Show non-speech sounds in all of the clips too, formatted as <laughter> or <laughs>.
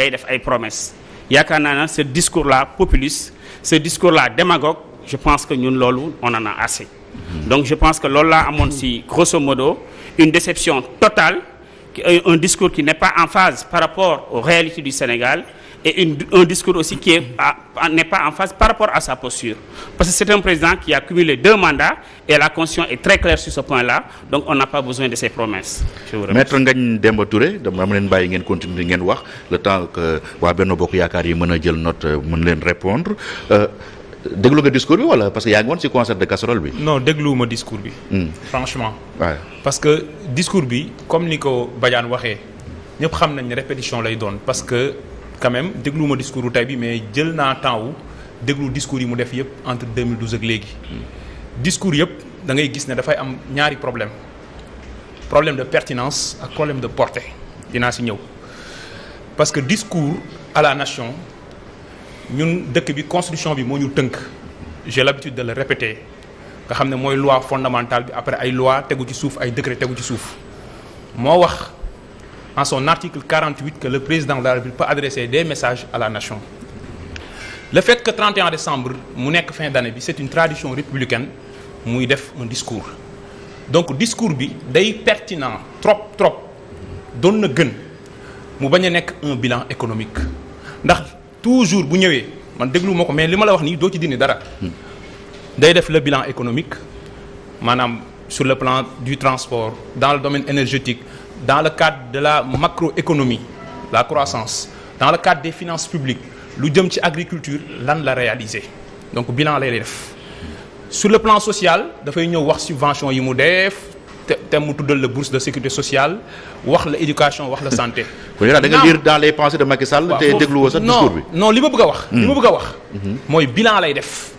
ngay def ay promesses yaakaar naa ne ce discours là populiste ce discours là démagogue je pense que ñun loolu on en a assez donc je pense que loolu laa amoon si grosso modo une déception totale un discours qui n'est pas en phase par rapport aux réalités du Sénégal et une, un discours aussi qui n'est pas en phase par rapport à sa posture. Parce que c'est un président qui a cumulé deux mandats et la conscience est très claire sur ce point-là, donc on n'a pas besoin de ses promesses. Je vous remercie. dama leen bàyyi ngeen continuer ngeen wax le temps que waa Benno Bokk Yaakaar yi mën a jël note euh, mën leen répondre euh, déglu nga discours bi wala parce que yaa ngi woon ci concert de casserole bi. non dégluwuma discours hmm. parce que discours bi comme ni ko Badiane waxee ñëpp xam nañ ne répétition lay doon parce que. quand même dégluwuma discours tey bi mais jël naa temps wu déglu discours yi mu def yëpp entre 2012 ak léegi. discours yëpp da ngay gis ne dafay am ñaari problème problème de pertinence ak problème de portée dinaa si ñëw parce que discours à la nation ñun dëkk bi constitution bi moo ñu tënk j'ai l'habitude de le nga xam ne mooy loi fondamentale bi après ay loi tegu ci suuf ay décret tegu ci suuf moo wax. en son article 48 que le président de la République peut adresser des messages à la nation le fait que 31 décembre mu nekk fin d'année bi c'est une tradition républicaine muy def un discours donc discours bi day pertinent trop trop doon na gën mu bañ a nekk un bilan économique ndax toujours bu ñëwee man déglu ma ko mais li ma la wax nii doo ci dindi dara day def le bilan économique maanaam sur le plan du transport dans le domaine énergétique dans le cadre de la macroéconomie la croissance dans le cadre des finance publiques lu jëm ci agriculture lan la réaliser donc bilan lay def sur le plan sociale dafay ñëw wax subvention yi mu def te te mu tuddal la bourse de sécurité sociale wax la éducation wax la santé. <laughs> kon da nga lire dans les pensées de Macky Sall. te dégluwoo sax discours bi non non li ma bëgg a wax. li ma hmm. bëgg a wax. Hmm. mooy bilan lay def.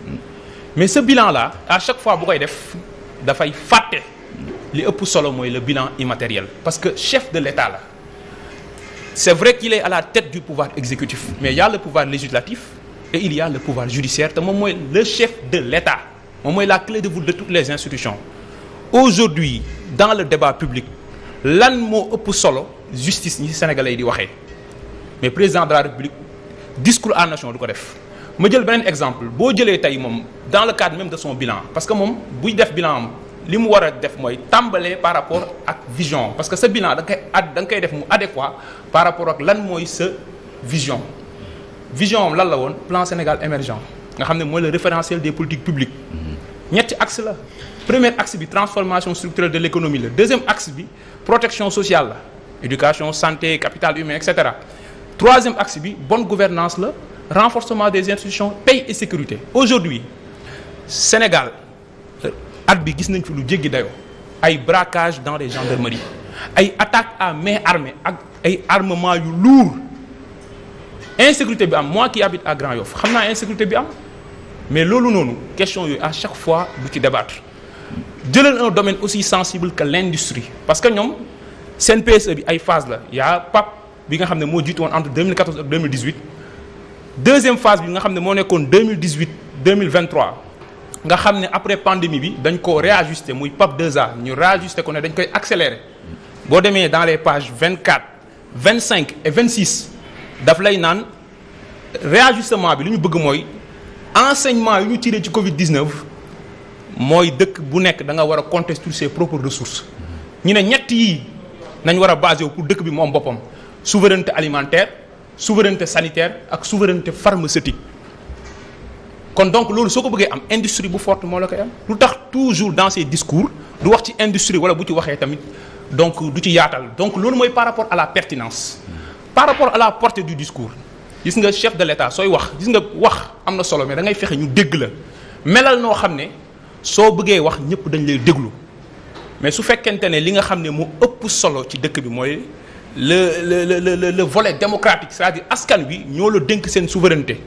mais ce bilan là à chaque fois bu koy def dafay fàtte. li ëpp solo mooy le bilan immatériel parce que chef de l'État la c'est vrai qu'il est à la tête du pouvoir exécutif mais il y a le pouvoir législatif et il y a le pouvoir judiciaire te moom mooy le chef de l'État moom mooy la clé de voûte de toutes les institutions aujourd'hui dans le débat public lan moo ëpp solo justice ñi sénégalais yi di waxee mais président de la république discours à nation du ko def ma jël beneen exemple boo jëlee tey moom dans le cadre même de son bilan parce que moom buy def bilan li mu war a def mooy tàmbalee par rapport ak vision parce que sa bilan da nga koy koy def mu adéquat par rapport ak lan mooy sa vision vision lan la woon plan Sénégal émergent nga xam ne mooy la référentiel des politiques publiques ñetti axe la premier axe bi transformation structurelle de l'économie la deuxième axe bi protection sociale la éducation santé capital humain et cetera troisième axe bi bonne gouvernance la renforcement des institutions paix et sécurité aujourd'hui Sénégal at bi gis nañ fi lu jéggi dayoo ay braquage dans les gendarmeries ay attaque à mais armée ak ay armement yu lourd insécurité bi am moi qui habite à Grand Yoff xam naa insécurité bi am mais loolu noonu question yooyu à chaque fois du ci débattre jëlal un domaine aussi sensible que l'industrie parce que ñoom seen PSE bi ay phase la y'a PAP bi nga xam ne moo jiitu woon entre 2014 ak deuxième phase bi nga xam ne moo nekkoon 2018 2023 nga xam ne après pandémie bi dañ ko réajuster muy PAP 2A ñu réajuster ko ne dañ koy accélérer boo demee dans les pages vingt quatre vingt cinq et vingt six daf lay naan réajustement bi lu ñu bëgg mooy enseignement yu ñu tiré ci Covid 19 mooy dëkk bu nekk da nga war a compter sur ses propres ressources ñu ne ñett yii nañ war a basé wu pour dëkk bi moom boppam souveraineté alimentaire souveraineté sanitaire ak souveraineté pharmaceutique. kon donc loolu soo ko bëggee am industrie bu fort moo la koy am lu tax toujours dans ces discours du wax ci industrie wala bu ci waxee tamit donc du ci yaatal donc loolu mooy par rapport à la pertinence par rapport à la porte du discours gis nga chef de l'État sooy wax gis nga wax am na solo mais da ngay fexe ñu dégg la melal noo xam ne soo bëggee wax ñëpp dañ lay déglu mais su fekkente ne li nga xam ne mu ëpp solo ci dëkk bi mooy le le le le volet démocratique c'est-à-dire askan wi ñoo la dénk seen souveraineté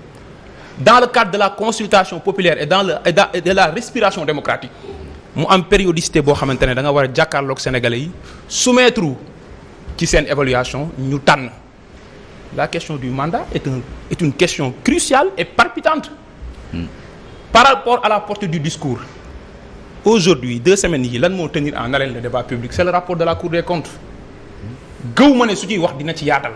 dans le cadre de la consultation populaire et dans le de la respiration démocratique mu am périodicité boo xamante ne da nga war a jàkkaarloog sénégalais yi soumettre ci seen évaluation ñu tànn la question du mandat est un est une question cruciale et palpitante mm. par rapport à la portée du discours aujourd'hui deux semaines yi lan moo tenir en haleine le débat public c'est le rapport de la Cour des comptes gëw ma ne su ciy wax dina ci yaatal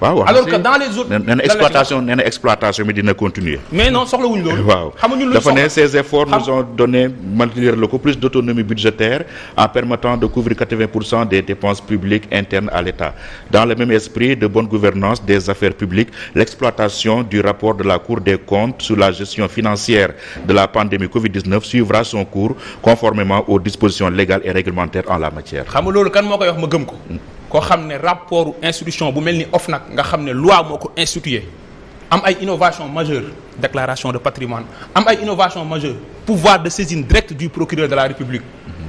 waaw alors que dans les autres nee na bi dina continuer mais non soxlawuñ loolu waaw xamuñu dafa ne ces efforts nous ont donné maintenir le coup plus d'autonomie en permettant de couvrir 80 pour cent des dépenses publiques internes à l'État dans de bonne gouvernance des affaires publiques l'exploitation du rapport de la Cour des comptes sur la gestion financière de la pandémie Covid-19 la matière xam nga loolu kan moo koy wax ko mm. koo xam ne rapport institution bu mel ni nag nga xam ne loi moo ko institué am ay innovation majeure déclaration de patrimoine am ay innovation majeure pouvoir de saisine directe du procureur de la République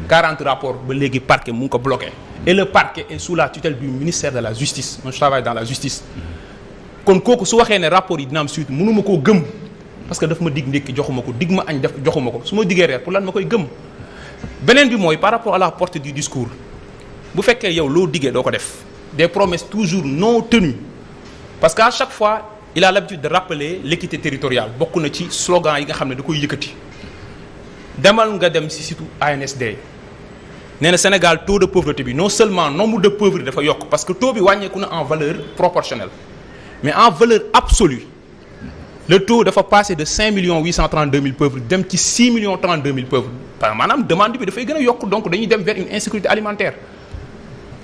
40 rapports ba léegi parquet mu ngi ko bloqué et le parquet est sous la tutelle du ministère de la justice moi je travaille dans la justice kon kooku su waxee ne rapport yi dinam am suite mënu ma koo gëm parce que daf ma dig ndékki joxuma ko dig ma añ def joxuma ko su ma diggee reer lan ma koy gëm beneen bi mooy par rapport à la portée du discours bu fekkee yow loo diggee doo ko def des promesses toujours non tenues parce que à chaque fois il a l'habitude de rappeler l'équité territoriale bokk na ci slogan yi nga xam ne da koy yëkkati demal nga dem si surtout ANSD nee na Sénégal taux de pauvreté bi non seulement nombre de pauvres dafa yokk parce que taux bi wàññeeku na en valeur proportionnelle mais en valeur absolue le taux dafa passé de 5 millions 832 mille pauvres dem ci 6 maanaam demande bi dafay yokk donc dañuy dem vers une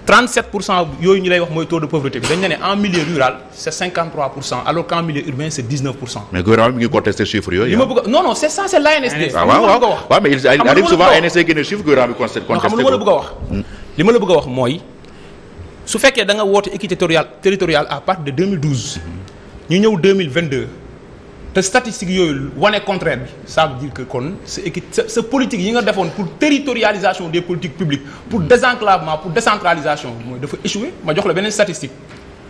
37 pour cent yooyu ñu lay wax mooy taux de pauvreté bi dañ ne ne en milieu rural c' est 53 pour cent alors qu'en milieu urbain c' est 19 pour cent. mais gouvernement bi mi ngi contesté chiffres yooyu. li ma ah. bëgg non non c' est ça ah, waaw mais il arrive xam nga hmm. li ma la bëgg wax. mooy su fekkee da woote équité territoriale territoriale à partir de ñu ñëw te statistique yooyu wane contraire bi ça veut dire que kon sa équipe sa sa politique yi nga defoon pour territorialisation des politiques publiques pour désenclavement pour décentralisation mooy dafa échoué ma jox la beneen statistique.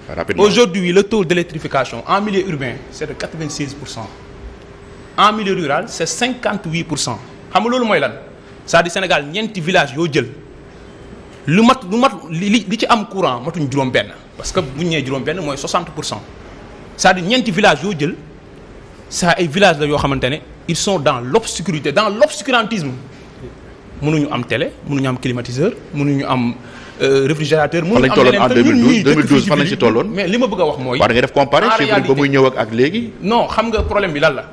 rapidement aujourd'hui le taux d'électrification en milieu urbain c'est de 96 pour cent en milieu rural c'est 58 pour cent xam nga mooy lan cest Sénégal ñeenti village yoo jël. lu mat lu mat li li ci am courant matuñ juróom-benn parce que bu ñu nee juróom-benn mooy 60 pour cent cest à ñeenti village yoo jël ça ay village la yoo xamante ne ils sont dans l'obscurité dans l'obscurantisme mënuñu am télé mënuñu am climatiseur mënuñu am euh, réfrigérateur. mënuñu am leneen te ñun ñii dëkk fii ci fan lañ tolloon en 2012 2012 fan lañ ci tolloon. mais li ma bëgg a wax mooy. en réalité waaw nga def comparer chiffre ba muy ñëw ak ak léegi. non xam nga problème bi lan la.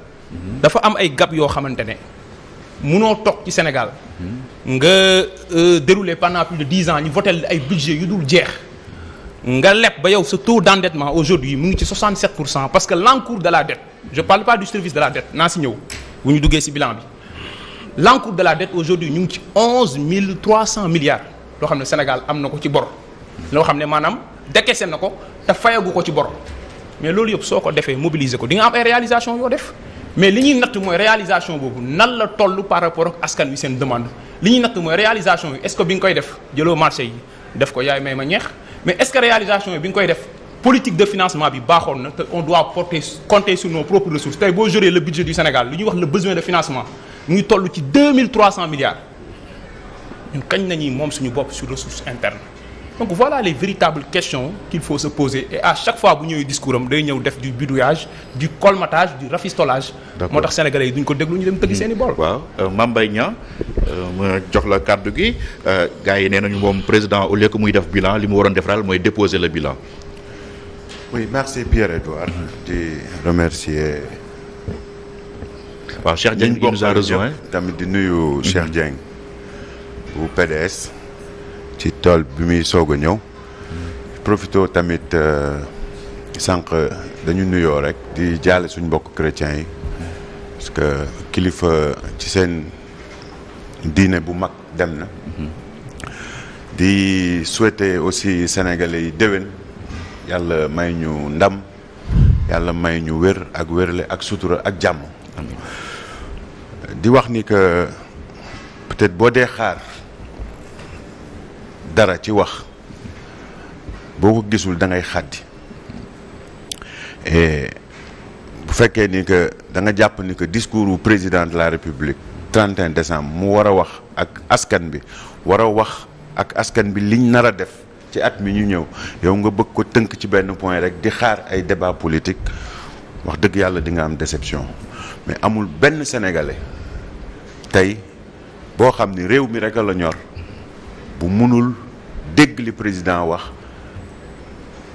dafa am ay gap yoo xamante ne mënoo toog ci Sénégal. Hmm. nga euh, dérouler pendant plus de dix ans ñu votel ay budget yu dul jeex. nga leb ba yow sa taux d'endettement aujourd'hui mu ngi ci 67 pour cent parce que l'encours de la dette je parle pas du service de la dette naa si ñëw bu ñu duggee si bilan bi l'encours de la dette aujourd'hui ñu ngi ci 11 300 milliards loo xam ne Sénégal am na ko ci bor loo xam ne maanaam décaissé na ko te fayagu ko ci bor mais loolu yëpp soo ko defee mobilisé ko di nga am ay réalisation yoo def mais li ñuy natt mooy réalisation boobu nan la toll par rapport ak askan wi seen demande li ñuy natt mooy réalisation yi est-ce que nga koy def jëloo marché yi def yaay may ma ñeex mais est-ce que réalisation bi nga koy def politique de financement bi baaxoon na te on doit porter compter sur nos propres ressources tey boo juree le budget du Sénégal lu ñuy wax la besoin de financement mu ngi toll ci deux mille trois cent ñun kañ nañuy moom suñu bopp sur ressources internes donc voilà les véritables questions qu'il faut se poser et à chaque fois bu ñëwee discours am day ñëw def du bidouillage du colmatage du rafistolage. moo tax sénégalais yi duñ ko déglu ñu dem tëgg seeni bool. waaw euh, Mame Mbaye Niang euh, jox la kàddu gi euh, gars yi nee nañu moom président au lieu que muy def bilan li mu waroon def daal mooy déposer le bilan. oui merci waaw Cheikh Dieng qui nous a rejoint tamit di nuyu Cheikh Dieng bu PDS. ci tool bi muy soog a ñëw profito tamit euh, sànq dañu nuyoo rek di jaale suñ mbokk chrétiens yi parce que kilifa ci seen diine bu mag dem na di souhaiter aussi sénégalais yi déwén yàlla may ñu ndam yàlla may ñu wér ak wérle ak sutura ak jàmm di wax ni que peut boo dee xaar dara ci wax boo ko gisul da ngay xàddi eh, bu fekkee ni que da nga jàpp ni que discours bu président de la république 31 décembre mu war a wax ak askan bi war a wax ak askan bi liñ nar a def ci at mi ñu ñëw yow nga bëgg ko tënk ci benn point rek di xaar ay débat politique wax dëgg yàlla di nga am déception mais amul benn sénégalais tey boo xam ni réew mi rek a la ñor bu munul dégg li président wax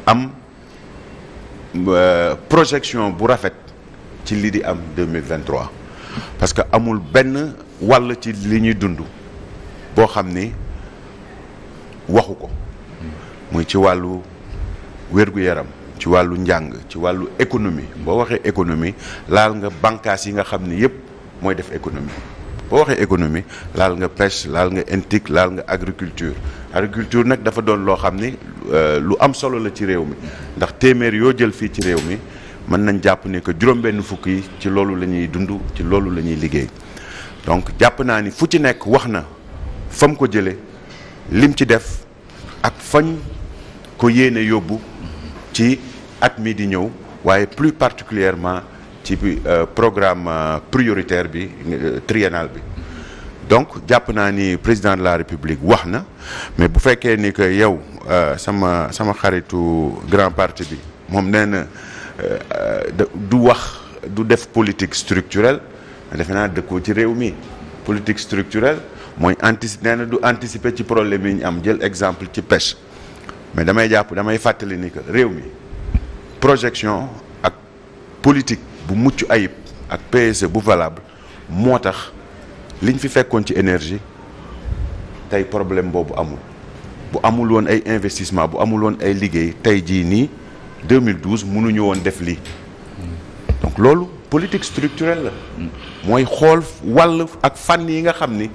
am euh, projection bu rafet ci li di am 2023 parce que amul benn wàll ci li ñuy dund boo xam ni waxu ko muy ci wàllu wérgu yaram ci wàllu njàng ci wàllu économie boo waxee économie laal nga bànkaas yi nga xam ni yépp mooy def économie boo waxee économie laal nga pêche laal nga intique laal nga agriculture agriculture nag dafa doon loo xam ni euh, lu am solo la ci réew mi ndax téeméer yoo jël fii ci réew mi mën nañ jàpp ni que juróom-benn fukk yi ci loolu la ñuy dund ci loolu la ñuy liggéey donc jàpp naa ni fu ci nekk wax na fam ko jëlee lim ci def ak fañ ko yéene yóbbu ci at mii di ñëw waaye plus particulièrement ci euh, programme euh, prioritaire bi euh, triennal bi donc jàpp naa ni président de la république wax na mais bu fekkee ni que yow sama sama xaritu grand parti bi moom nee na du wax du def politique structurelle defe naa dëkkoo ci réew mi politique structurelle mooy antici nee na du anticiper ci problème yi ñu am jël exemple ci pêche mais damay jàpp damay fàttali ni que réew mi projection ak politique bu mucc ayib ak PSE bu valable moo tax liñ fi fekkoon ci énergie tey problème boobu amul bu amul woon ay investissement bu amuloon ay liggéey tey jii nii 2012 mënuñu woon def lii donc loolu politique structurelle la mooy xool wàll ak fànn yi nga xam ni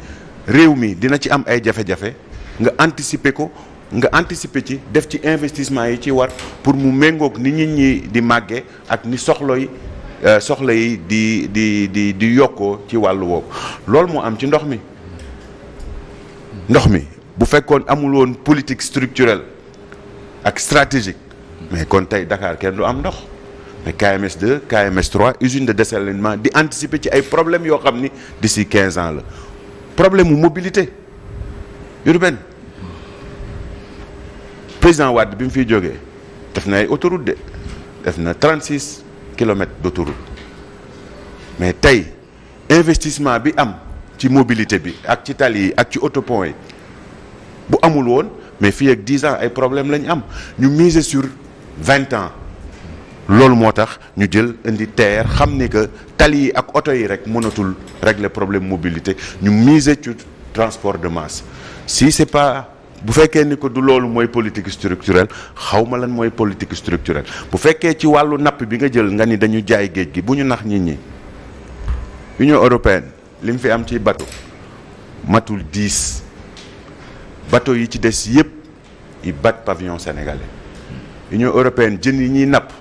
réew mii dina ci am ay jafe-jafe nga anticiper ko nga anticiper ci def ci investissement yi ci war pour mu méngoog ni nit ñi di màggee ak ni soxlo yi Euh, soxla yi di di di di yokkoo ci wàllu woowu loolu moo am ci ndox mi ndox mi bu fekkoon amul woon politique structurelle ak stratégique mais kon tey Dakar kenn du am ndox mais KMS 2 KMS 3 de de dessalement di anticiper ci ay problèmes yoo xam ni d'ici quinze ans la problème mu mobilité urbaine président Wade bi mu fiy jógee def na ay autoroute de def na 36 kilomètres d'autoroute mais tey investissement bi am ci mobilité bi ak ci tali yi ak ci autopont yi bu amul woon mais fii ak dix ans ay problème lañu am ñu miser sur vingt ans loolu moo tax ñu jël indi terre xam ni que tali yi ak oto yi rek mënatul régler problème mobilité ñu miser ci transport de masse si c'est pas bu fekkee ni ko du loolu mooy politique structurelle xaw ma lan mooy politique structurelle bu fekkee ci wàllu napp bi nga jël nga ni dañu jaay géej gi bu ñu nax nit ñi Union européenne li mu fi am ci bateau matul dix bateau yi ci des yépp yi bat pavillon sénégalais Union européenne jën yi ñuy napp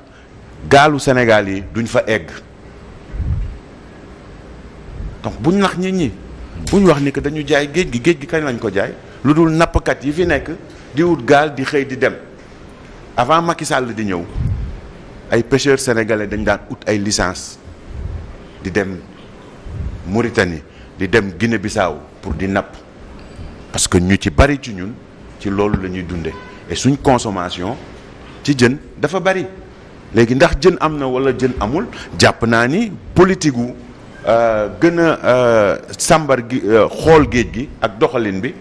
gaalu Sénégal yi duñ fa egg donc buñ nax nit ñi buñ wax ni que dañu jaay géej gi géej gi kañ lañ ko jaay lu dul nappkat yi fi nekk di wut gaal di xëy di dem avant Macky Sall di ñëw ay pêcheurs sénégalais dañ daan ut ay licence di dem Mauritanie di dem Guinée Bissau pour di napp parce que ñu ci bari ci ñun ci loolu la ñuy dunde et suñ consommation ci jën dafa bari léegi ndax jën am na wala jën amul jàpp naa ni politique gu euh, gën a euh, sàmbar gi euh, xool géej gi ak doxalin bi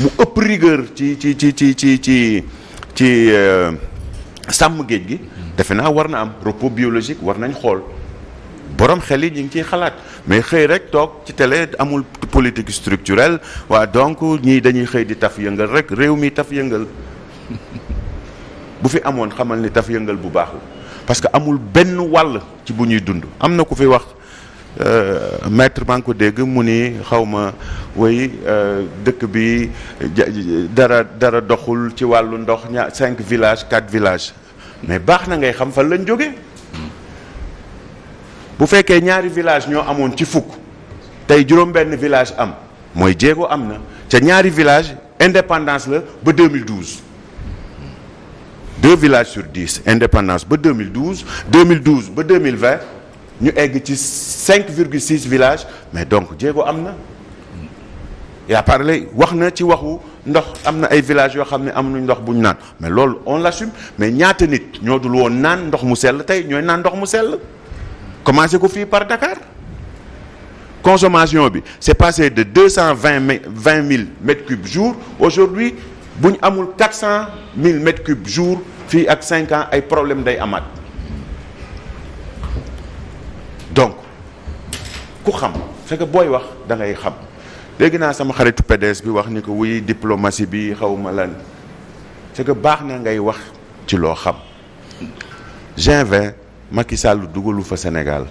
mu ëpp rigueur ci ci ci ci ci ci ci euh, sàmm géej gi defe naa war na am repos biologique war nañ xool borom xel yi ñu ngi ciy xalaat mais xëy rek toog ci télé amul politique structurelle waa donc ñii dañuy xëy di taf yëngal rek réew mi taf yëngal bu fi amoon xamal ni taf yëngal bu baax parce que amul benn wàll ci bu ñuy dund am na ku fi wax Euh, maître maa ngi ko dégg mu ni xawma ma woy euh, dëkk bi dara dara doxul ci wàllu ndox ña cinq villages quatre villages mais baax na ngay xam fan lañ jóge bu fekkee ñaari village ñoo amoon ci fukk tey juróom-benn village am mooy jéego am na ca ñaari village independance la ba 2012 deux villages sur dix indépendance ba 2012 2012 ba 2020 ñu egg ci cinq virgule six village mais donc jéego am na yaa parlé wax na ci waxu ndox am na ay villages yoo xam ne amuñu ndox bu ñu naan mais loolu on l'assume mais ñaata nit ñoo dul woon naan ndox mu sell tey ñooy naan ndox mu sell commencé ko fii par Dakar consommation bi c'est passé de deux cent vingt vingt mille mètres cubes jour aujourd'hui bu ñu amul quatre cent mille mètres jour fii ak cinq ans ay problème day amaat donc ku xam c'est booy wax dangay xam léegi naa sama xaritu PDS bi wax ni ko wuy diplomatie bi xaw ma lan c'est que baax na ngay wax ci loo xam G20 Macky dugalu fa Sénégal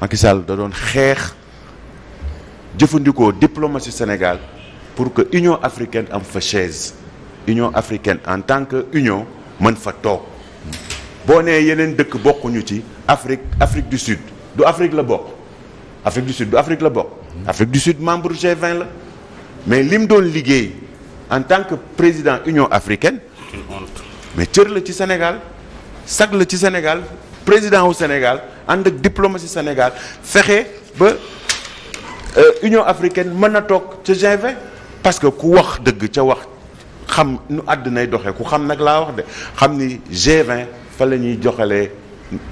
Macky Sall da doon xeex jëfandikoo diplomatie Sénégal pour que Union africaine am fa chaise Union africaine en tant que union mën fa toog boo nee yeneen dëkk bokkuñu ci Afrique Afrique du Sud du Afrique la bokk Afrique du Sud du Afrique la bokk. Afrique du Sud membre G20 la mais li mu doon liggéey en tant que président Union africaine. mais cër la ci Sénégal sag la ci Sénégal président wu Sénégal ànd ak diplomatie Sénégal fexe ba euh, Union africaine mën na toog ca gv parce que ku wax dëgg ca wax xam nu àddinay doxee ku xam nag laa wax de xam ni G20 fa la ñuy joxalee.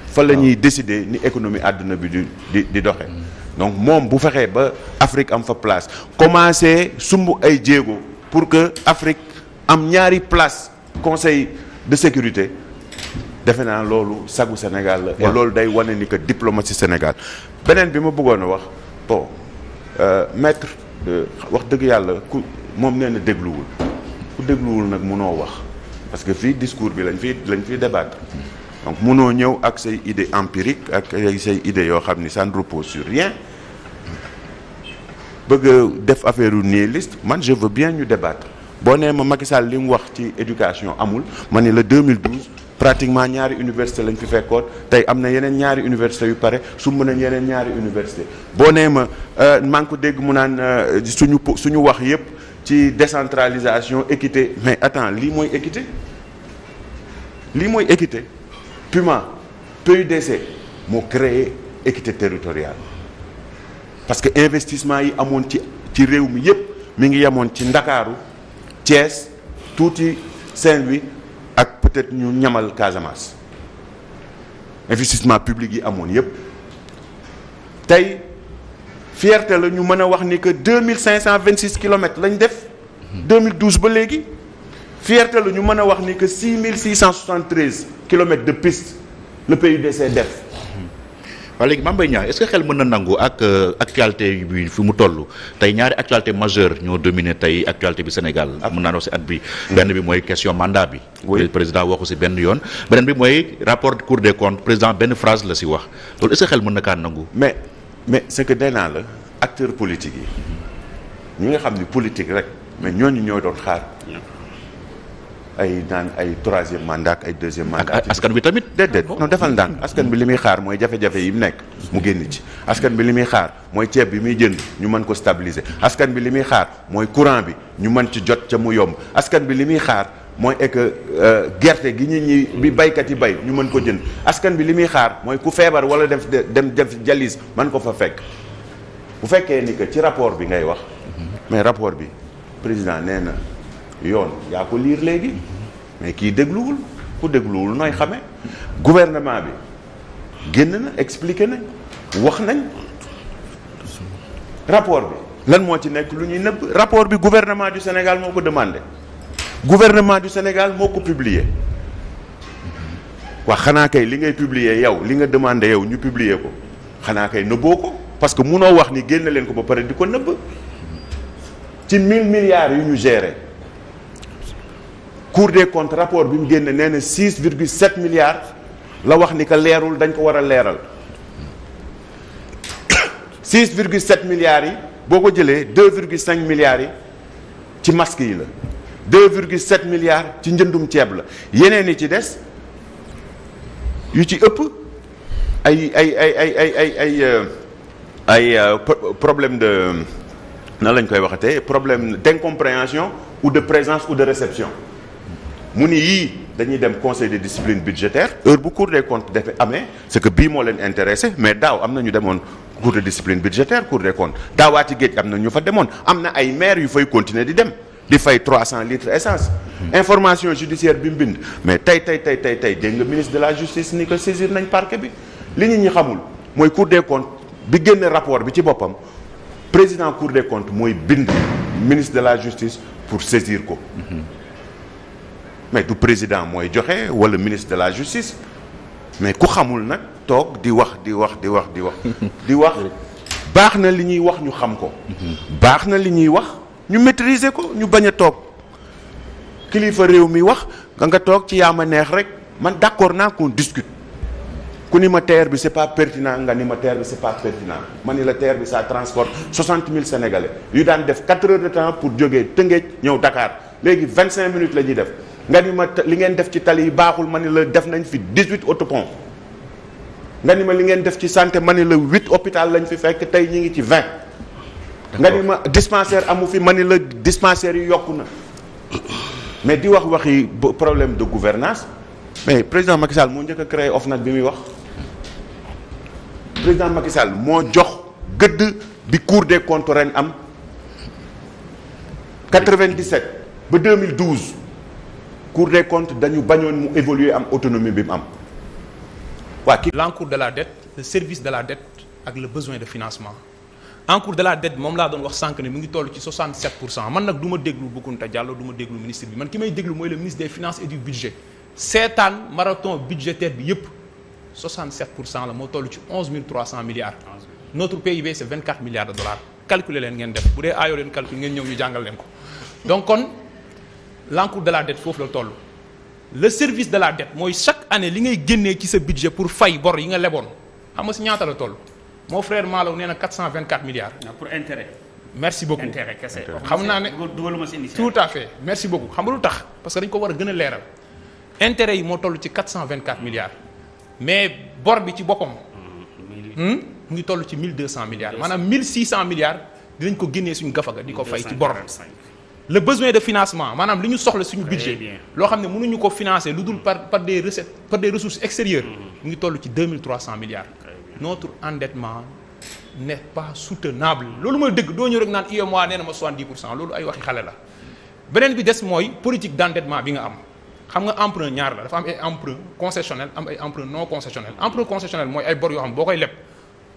fa la ñuy décider ni économie àdduna bi di di di doxee donc moom bu fexee ba Afrique am fa place commencer sumb ay jéego pour que Afrique am ñaari place conseil de sécurité defe naa loolu sagu Sénégal la. loolu day wane ni que diplomatie Sénégal beneen bi ma bëggoon a wax bon euh, maître euh, wax dëgg yàlla ku moom nee dégluwul ku dégluwul nag munoo wax parce que fii discours bi lañ fiy lañ fiy débattre. donc munoo ñëw ak say idée empirique ak say idée yoo xam ni ça ne repose sur rien bëgg def affaire u nihiliste man je veux bien ñu débattre boo nee ma Macky Sall li mu wax ci éducation amul man ni la 2012 pratiquement ñaari université lañ fi fekkoon tey am na yeneen ñaari université yu pare su mën nañ yeneen ñaari université boo nee ma euh, maa ngi ko dégg mu naan euh, suñu suñu wax yépp ci décentralisation équité mais attends lii mooy équité lii mooy équité PUMA PUDC moo créer équité territoriale parce que investissement yi amoon ci ci réew mi yépp mi ngi yemoon ci Ndakaaru Thiès tuuti Saint-Louis ak peut-être ñu ñamal Casamance investissement public yi amoon yépp tey fierté la ñu mën a wax ni que deux mille cinq cent vingt six kilomètres lañ def 2012 ba léegi fierté la ñu mën a wax ni que 6673 kilomètres de piste le PUDC def. waaw léegi Mame Mbaye Niang est-ce que xel mën na nangu ak euh, actualité bi fi mu toll tey ñaari actualité majeure ñoo dominé tey actualité bi Sénégal ah. mën naa wax si at bi benn bi mooy question mandat bi président waxu si benn yoon beneen bi mooy rapport Cour des comptes président benn phrase la si wax loolu est-ce xel mën na kaa nangu mais mais c'est que danaa la acteur politique yi ñi nga xam ni politique rek mais ñooñu ñooy doon xaar ay naan ay troisième mandat ak ay deuxième mandat. askan bi tamit. déedéet non defal ndànk askan bi li muy xaar mooy jafe-jafe yi mu nekk mu génn ci askan bi li muy xaar mooy ceeb bi muy jënd ñu mën ko stabiliser askan bi li muy xaar mooy courant bi ñu mën ci jot ca mu askan bi li muy xaar. mooy est que euh, gerte gi ñi ñi bi baykat yi bay ñu mën ko jënd askan bi li muy xaar mooy ku feebar wala def dem def jalis man ko fa fekk bu fekkee ni ci rapport bi ngay wax mais rapport bi président nee na yoon yaa ko liir léegi mais kii dégluwul ku dégluwul nooy xamee gouvernement bi génn na expliqué nañ wax nañ rapport bi lan moo ci nekk lu ñuy nëbb rapport bi gouvernement du Sénégal moo ko demandé gouvernement du Sénégal moo ko publier waa xanaa kay li ngay publier yow li nga demandé yow ñu publier ko xanaa kay nëbboo ko parce que munoo wax ni génn leen ko ba pare di ko nëbb ci mille milliards yu ñu gérer cour des comptes rapport bi mu génne nee na 6,7 milliards la wax ni que leerul dañ ko war a leeral 6,7 milliards yi boo ko jëlee 2,5 milliards yi ci masque yi la 2,7 milliards ci njëndum ceeb la yeneen yi ci des yu ci ëpp ay ay ay ay ay ay ay euh, ay euh, problème de nan lañ koy waxatee problème d'incompréhension ou de présence ou de réception mu ni yii dañuy dem conseil de discipline budgétaire heure bu cour des comptes defe amee c'est que bii moo leen intéressé mais daaw am na ñu demoon cour de discipline budgétaire cour des comptes daawaati géej am na ñu fa demoon am na ay maire yu fay continuer di dem di fay 300 litres essence hmm. information judiciaire bi mu bind mais tey tey tey tey tey dégg nga ministre de la justice ni ko saisir nañ parquet bi li ñu ñi xamul mooy cour des comptes bi génne rapport bi ci boppam président cour des comptes mooy bind ministre de la justice pour saisir ko hmm. mais du président mooy joxe wala ministre de la justice mais ku xamul nag toog di wax di wax di wax di wax di wax baax na li ñuy wax ñu xam ko baax na li ñuy wax ñu maîtriser ko ñu bañ a toog kilifa réew mi wax nga nga toog ci yaa ma neex rek man d'accord naa qu'on discute ku ni ma terre bi c'est pas pertinent nga ni ma terre bi c'est pas pertinent ma ni la terre bi ça transporte soixante mille sénégalais yu daan def quatre heures de temps pour jógee Tëngéej ñëw Dakar léegi vingt cinq minutes la ñuy def nga ni ma li ngeen def ci tali yi baaxul ma ni la def nañ fi 18 autopont nga ni ma li ngeen def ci sante ma ni la 8 hôpital lañu fi fekk tey ñi ngi ci 20. nga ni ma dispensaire amu fi ma ni la dispensaire yu yokku na mais di wax waxi problème de gouvernance mais président Macky Sall moo njëkk a créé OFNAC bi muy wax président makisal Sall moo jox gëdd bi cour des comptes ren am 97 ba 2012. cour des comptes dañu bañoon mu évoluer am autonomie bi mu am waa ki l'encours de la dette le service de la dette ak le besoin de financement encours de la dette moom laa doon wax sànq ne mu ngi toll ci 67 pour cent man nag du ma déglu Boucounta Diallo du ma déglu ministre bi man ki may déglu mooy le ministre des finances et du budget seetaan marathon budgétaire bi yépp pour cent la moo toll ci 11 300 milliards notre PIB c'est 24 milliards de dollars calculer leen ngeen def bu dee aayoo leen l'encours de la dette foofu la toll le service de la dette mooy chaque année li ngay génnee ci sa budget pour fay bor yi nga leboon xam nga si ñaata la toll moo frère Malaw nee na 424 milliards. pour intérêt. merci beaucoup intérêt kese xam naa ne tout à fait merci beaucoup xam nga lu tax parce que dañ ko war a gën a leeral intérêt yi moo toll ci 424 milliards mais bor bi ci boppam. Hmm, hmm, mu ngi toll ci 1200 milliards. maanaam 1600 milliards dinañ ko génnee suñu gafaga di ko fay ci bor. le besoin de financement maanaam li ñu soxla suñu budget loo xam ne mu mënuñu ko financer lu dul par par des recettes par des ressources extérieures mm-hmm. mu ngi toll ci deux mille trois cent milliards notre endettement n'est pas soutenable loolu mooy dëgg doo ñëw rek naan UEMOA nee na ma soixante-dix pour cent loolu ay waxi xale la beneen bi des mooy politique d'endettement bi nga am xam nga emprunt ñaar la dafa am ay emprunt concessionnel ay emprunt non concessionnel emprunt concessionnel mooy ay bor boo koy leb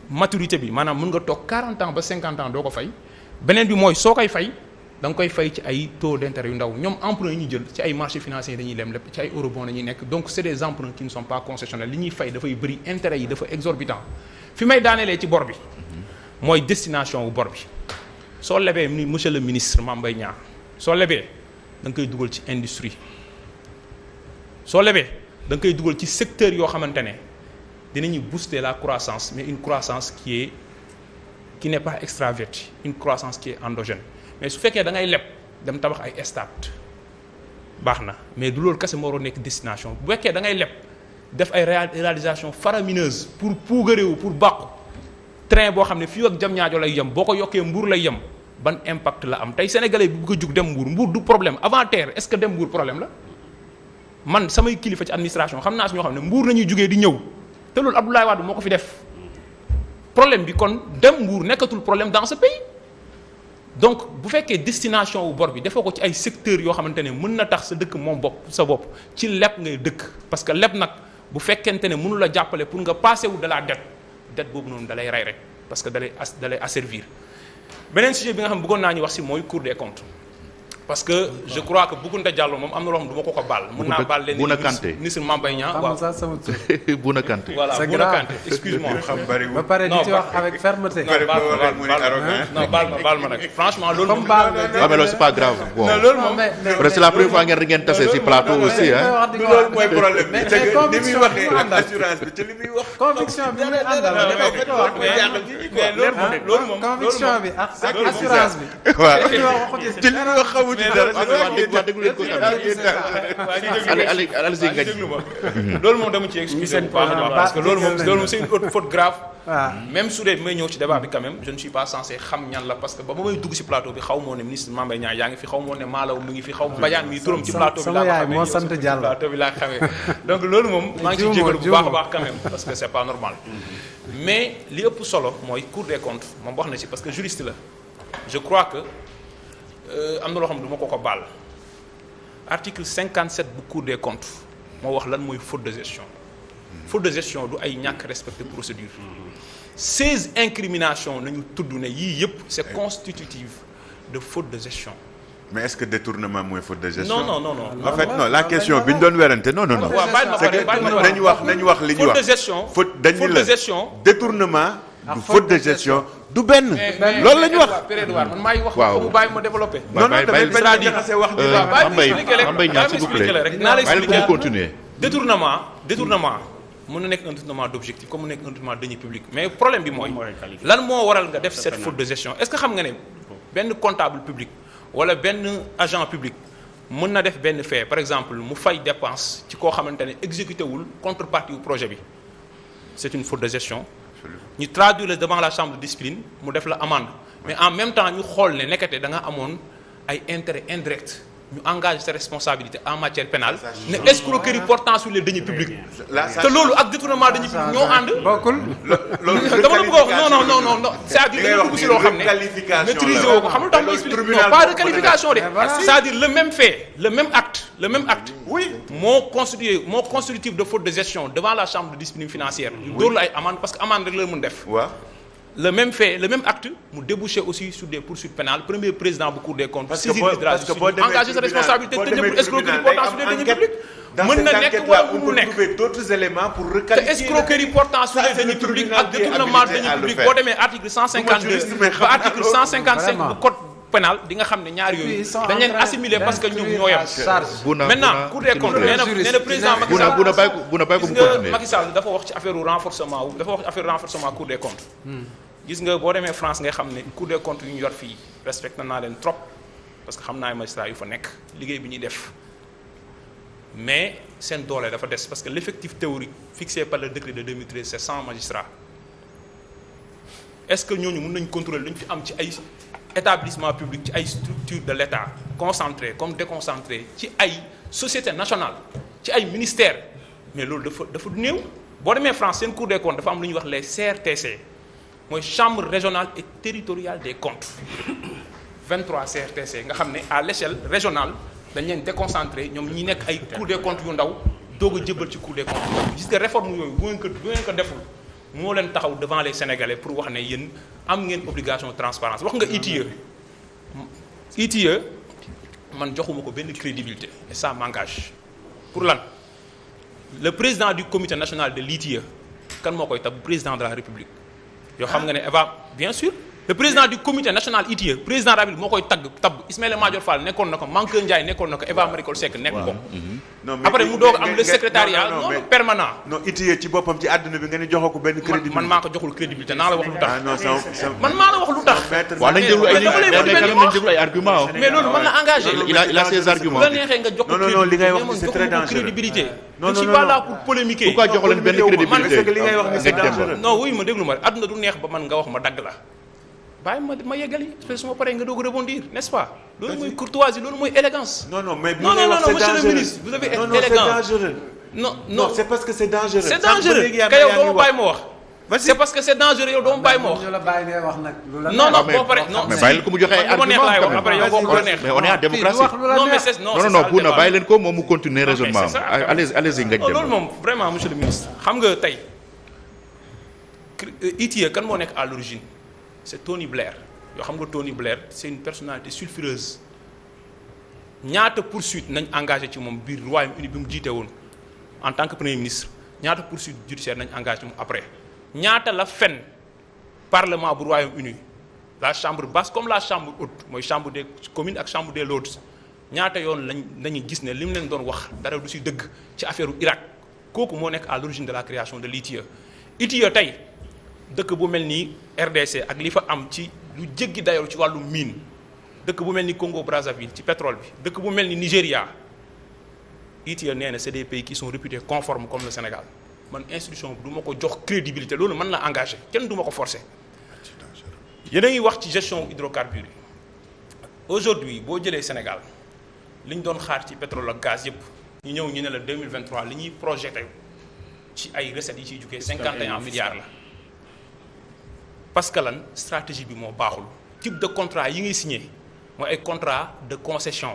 maturité bi maanaam mën nga toog 40 ans ba 50 doo ko fay beneen bi mooy soo fay da nga koy fay ci ay taux d'intérêt yu ndaw ñoom emprunt yi ñuy jël ci ay marché financier dañuy lem lépp ci ay eurobond dañuy nekk donc c'est des emprunts qui ne sont pas concessionnels li ñuy fay dafay bëri intérêt yi dafa exorbitant fi may daanelee ci bor bi mooy destination wu bor bi soo lebee ni monsieur le ministre Mame Mbaye Niang soo lebee da nga koy dugal ci industrie soo lebee da nga koy dugal ci secteur yoo xamante ne dinañu booster la croissance mais une croissance qui est qui n'est pas extravertie une croissance qui est endogène mais su fekkee da ngay leb dem tabax ay estate baax na mais du loolu kese moo waroon nekk destination bu fekkee da ngay leb def ay réalisation faramineuse pour puugaréewu pour bàqu train boo xam ne fii ak jam ñaajo lay yem boo ko yokkee mbuur lay yem ban impact la am tey sénégalais bi bu ko jug dem mbuur mbuur du problème avanter est-ce que dem mbuur problème la man samay kilifa ci administration xam naa si ñoo xam ne mbuur nañuy jugee di ñëw te loolu Abdoulaye Wade moo ko fi def problème bi kon dem mbuur nekkatul problème dans ce pays donc bu fekkee destination wu bor bi defoo ko ci ay secteurs yoo xamante ne mën na tax sa dëkk moom bopp sa bopp ci leb ngay dëkk parce que leb nag bu fekkente ne mënu la jàppale pour nga passé wu de la dette dette boobu noonu dalay rey rek parce que dalay as dalay asservir beneen sujet bi nga xam bëggoon naa ñu wax si mooy Cour de comptes parce que je crois que Bougounta Diallo moom am na loo xam du ma ko ko baal. mën naa baal leen ni ministre Mame Mbaye Niang waaw Bouna Kanté. voilà Bouna Kanté excuse-moi. ba pare di ci wax avec fermeté. non baal ma baal ma nag franchement loolu. comme baal ma mais loolu c'est pas grave. bon c'est la première fois ngeen ngeen tase ci plateau aussi ah. loolu mooy problème bi. mais conviction bi mu àndal assurance bi ci li muy wax. conviction bi mu àndal mais loolu moom loolu moom conviction bi ak assurance bi. waaw ci li muy wax xamul ci dara mhm. loolu moom dama ci expliquer bu baax parce que loolu moom loolu moom c'est su dee may ñëw ci débat bi quand même suis pas censé xam ñan la parce que ba ma may dugg ci plateau bi xaw moo ne ministre Mame Mbaye Niang yaa ngi fi xaw moo ne Malaw mu ngi fi xaw Badiane mi turam ci plateau bi laa xamee donc loolu moom maa ngi ciy jégalu bu baax baax quand parce que c'est pas normal mhm. mais li ëpp solo mooy Cour des comptes moom wax na ci parce que juriste la que Euh, am na loo xam ne du ma ko ko baal article 57 bu cour de comptes moo wax lan mooy faut de gestion faute de gestion du ay ñàkk respecter procédure 16 incriminations nañu tudd ne yii yëpp c'est constitutive de faute de gestion mais est-ce que détournement mooy faute de gestion. non non non no fait non la question bi ñu doon werante non non non. nañu wax li ñuy wax. faute de gestion faute dañu la détournement. du faute de gestion du benn. loolu la ñu wax man maay wax. waaw mu bàyyi ma développé. non a jaxase wax di rek euh, bàyyi ma expliqué rek naa la expliqué continuer détournement détournement mën na nekk un détournement d'objectif comme mu nekk un détournement de deniers publics mais problème bi mooy lan moo waral nga def cette faute de gestion est-ce que xam nga ne benn comptable public wala benn agent public mën na def benn fait par exemple mu fay dépense ci koo xamante ne exécuté wul contrepartie wu projet bi c'est une faute de gestion ñu traduire la devant la chambre de discipline mu def la amende mais en même temps ñu xool ne nekkate da amoon ay intérêt indirect ñu engage sa responsabilité en matière pénale ne escroquerie portant sur les deniers publics te loolu ak détournement deniers publics ñoo ànd dama la bëgg a wax non non non non non cest à si loo xam ne maîtriser woo ko xam nga tax pas de qualification de cest dire le même fait le même acte le même acte. oui moo constitué moo constitutif de faute de gestion devant la chambre de discipline financière. ñu la ay amende parce que amende rek la mën def. le même fait le même acte mu débouché aussi sur des poursuites pénales premier président bu cour des comptes. parce que boo parce que boo demee tribunal engagé sa responsabilité tëjee pour escroquerie portant sur des deniers publics. mën na nekk wala mu nekk te escroquerie portant sur les ah, deniers publics ak détournement de deniers publics boo demee <laughs> pénal di nga xam ne ñaar yooyu dañ leen assimiler parce que ñoom ñoo yem maintenant Cour des comptes nee président Macky Sall bàyyi ko bu bàyyi ko mu dafa wax ci affaire renforcement dafa wax ci affaire renforcement Cour des comptes hmm. gis nga boo demee France ngay xam ne Cour des comptes yu ñu yor fii respecté naa leen trop parce que xam naa magistrat yu fa nekk liggéey bi ñuy def mais seen doole dafa des parce que l'effectif théorique fixé par le décret de 2013 c'est 100 magistrats ce que ñooñu mën nañ contrôler lu ñu fi am ci ay établissement public ci ay structure de l'État concentré comme déconcentré ci ay société nationale ci ay ministère mais loolu dafa dafa néew boo demee France seen Cour des comptes dafa am lu ñuy wax les CRTC mooy chambre régionale et territoriale des comptes 23 CRTC nga xam ne à l'échelle régionale dañ leen déconcentré ñoom ñi nekk ay Cour de comptes yu ndaw doog a ci Cour des comptes gis nga réforme yooyu bu ngeen ko bu ngeen ko deful moo leen taxaw devant les sénégalais pour wax ne yéen am ngeen obligation transparence wax nga ITIE ITIE e e, man joxuma ko benn crédibilité et ça m'engage pour lan le président du commité national de l'ITIE kan moo koy tab président de la république yoo xam ah. nga ne Eva bien sûr le président du comité national ITIE président Rabil moo koy tagg tab Ismaïla Madior Fall nekkoon na ko Mankeur Ndiaye nekkoon na ko Eva Marie bi nga ni joxoo ko benn crédibilité. ko joxul crédibilité naa la wax lu tax. Ah, man maa la wax lu tax. waaw nañ déglu ay argument mais loolu mën na engagé. il a a ses la neexee nga jox ko crédibilité non non non ma déglu ma du neex ba man nga wax ma dagg la bàyyi ma ma yeggali te su ma paree nga doog rebondir n'est-ce pas. loolu mooy courtoisie loolu mooy élégance. non non mais bu non non non non non c'est parce que c'est dangereux. bàyyi que c'est dangereux yow ah, leen ko mu joxe ay argument après yow boo ko neex. mais on est en démocratie. non mais c'est non non non bu na bàyyi leen ko moom mu continuer raisonnement am. allez allez nga moom vraiment monsieur le ministre xam nga tey euh, ITIE kan moo nekk à l'origine c'est Tony Blair yoo xam nga Tony Blair c'est une personnalité sulfureuse ñaata poursuite nañ engagé ci moom biir Royaume-Uni bi mu jiite woon en tant que premier ministre ñaata poursuite judiciaire nañ engagé ci moom après ñaata la fen parlement bu Royaume-Uni la chambre basse comme la chambre haute mooy chambre de communes ak chambre des lords ñaata yoon lañ lañuy gis ne li mu leen doon wax dara du si dëgg ci affaire u kooku moo nekk à l'origine de la création de l'ITIE ITIE tey dëkk bu mel ni RDC ak li fa am ci lu jéggi dayoo ci wàllu mine dëkk bu mel ni Congo Brazzaville ci pétrole bi dëkk bu mel ni Nigéria ITIE nee na c'est des pays qui sont réputés conformes comme le Sénégal man institution bi duma ko jox crédibilité loolu mën na engagé kenn duma ko forcé yéen a ngi wax ci gestion hydrocarbures yi aujourd'hui boo jëlee Sénégal li ñu doon xaar ci pétrole ak gaz yëpp ñu ñëw ñu ne la 2023 li ñuy projet projeté ci ay recettes yi ciy jugee 51 milliards la parce que lan stratégie bi moo baaxul type de contrat yi ngay signé mooy ay contrat de concession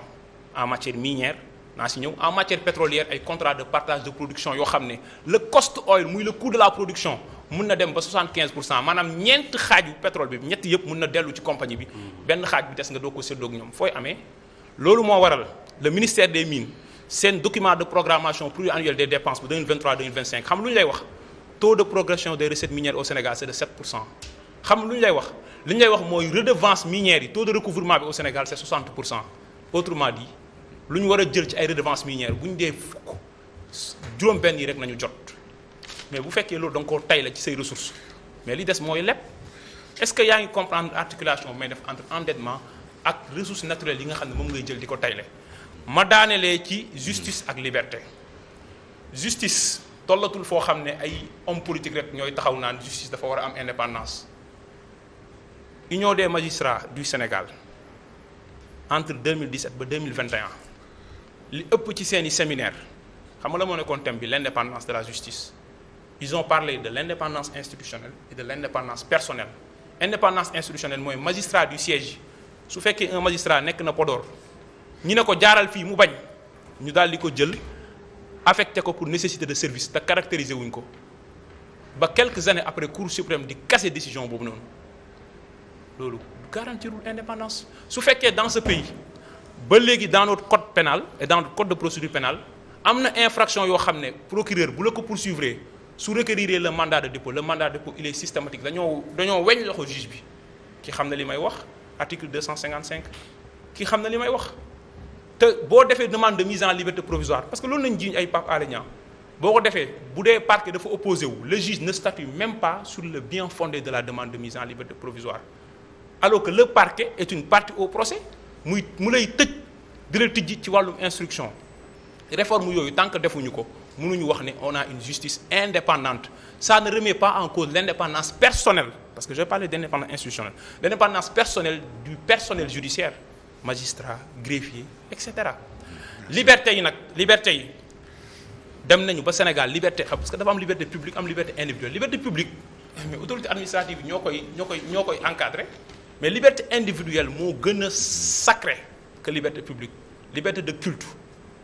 en matière minière naa si ñëw en matière pétrolière ay contrat de partage de production yoo xam ne le cost oil muy le coût de la production mun na dem ba 75 maanaam ñeent xaaju pétrole bi ñett yëpp mun na dellu ci compagnie bi mm-hmm. benn xaaj bi des nga doo ko séddoog ñoom fooy amee loolu moo waral le ministère des mines seen document de programmation pluriannuelle des xam lu ñu lay wax li ñu lay wax mooy redevance minière yi taux de recouvrement bi au Sénégal c'est 60 pour cent autrement dit lu ñu war a jël ci ay redevance minière bu ñu dee fukk juróom-benn yi rek nañu jot mais bu fekkee loolu da nga koo la ci say ressources mais li des mooy lépp est-ce que yaa ngi comprendre articulation may def entre endettement ak ressources naturelles yi nga xam ne moom ngay jël di ko tayle ma daanelee ci justice ak liberté justice tollatul foo xam ne ay hommes politiques ñooy taxaw naan justice dafa war a am indépendance Union des magistrats du Sénégal entre 2017 ba 2021 li ëpp ci seeni séminaire xam nga la moo nekkoon thème bi l'indépendance de la justice ils ont parlé de l'indépendance institutionnelle et de l'indépendance personnelle indépendance institutionnelle mooy magistrat du siège su fekkee un magistrat nekk na Podor ñi ne ko jaaral fii mu bañ ñu daal di ko jël affecte ko pour nécessité de service te caractériser wuñ ko ba quelques années après Cour suprême di casser décision boobu noonu loolu garantirul indépendance su fekkee dans ce pays ba léegi dans notre code pénal et dans notre code de procédure pénale am na infraction yoo xam ne procureur bu la ko poursuivre su requérir le mandat de dépôt le mandat de dépôt il est systématique dañoo dañoo weñ loxo juge bi ki xam ne li may wax article 255 ki xam ne li may wax te boo defee demande de mise en liberté provisoire parce que loolu lañ jiiñ ay Pape Alé Niang boo ko defee bu dee parquet dafa opposé wu le juge ne alors que le parquet est une partie au procès muy mu lay tëj di la tijji ci wàllum instruction réforme yooyu tant que defuñu ko mënuñu wax ne on a une justice indépendante ça ne remet pas en cause l'indépendance personnel parce que je parlais d'indépendance institutionnelle l'indépendance personnelle du personnel judiciaire magistrat greffier et cetera liberté yi nag liberté yi dem nañu ba Sénégal liberté ah, parce que dafa am liberté publique am liberté individuelle liberté publique mais autorité administrative yi ñoo koy ñoo koy ñoo koy encadrer mais liberté individuelle moo gën a sacré que liberté publique liberté de culte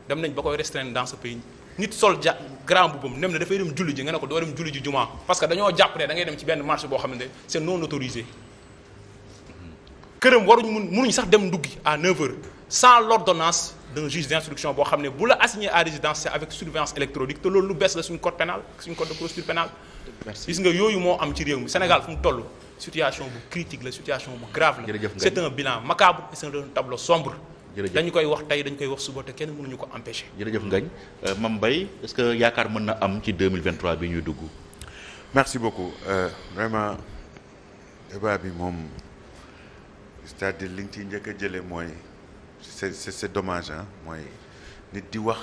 dem nañ ba koy restreindre dans ce pays nit sol ja grand boubam nem ne dafay dem julli ji nga ne ko doo dem julli ji jumaa parce que dañoo jàpp ne da ngay dem ci benn marché boo xamante ne c'est non autorisé këram waruñ mun munuñ sax dem nduggi à 9h sans l'ordonnance d'un juge d'instruction boo xam ne bu la assigné à résidence c'est avec surveillance électronique te loolu lu bees yooyu moo am ci réew mi Sénégal mu toll situation bu critique la situation bu grave la c'est un bilan macabre c'est un tableau sombre dañu koy wax tey dañu koy wax suba te kenn mënuñu ko empêcher jërëjëf Ngagne euh, Mame Mbaye est-ce que yaakaar mën na am ci 2023 bi ñuy dugg merci beaucoup euh, vraiment débat bi moom c'est-à-dire li nga ciy njëkk a jëlee mooy c'est c'est dommage ah mooy nit di wax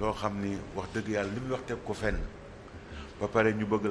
loo xam ni wax dëgg yàlla li muy wax teg ko fenn ba pare ñu bëgg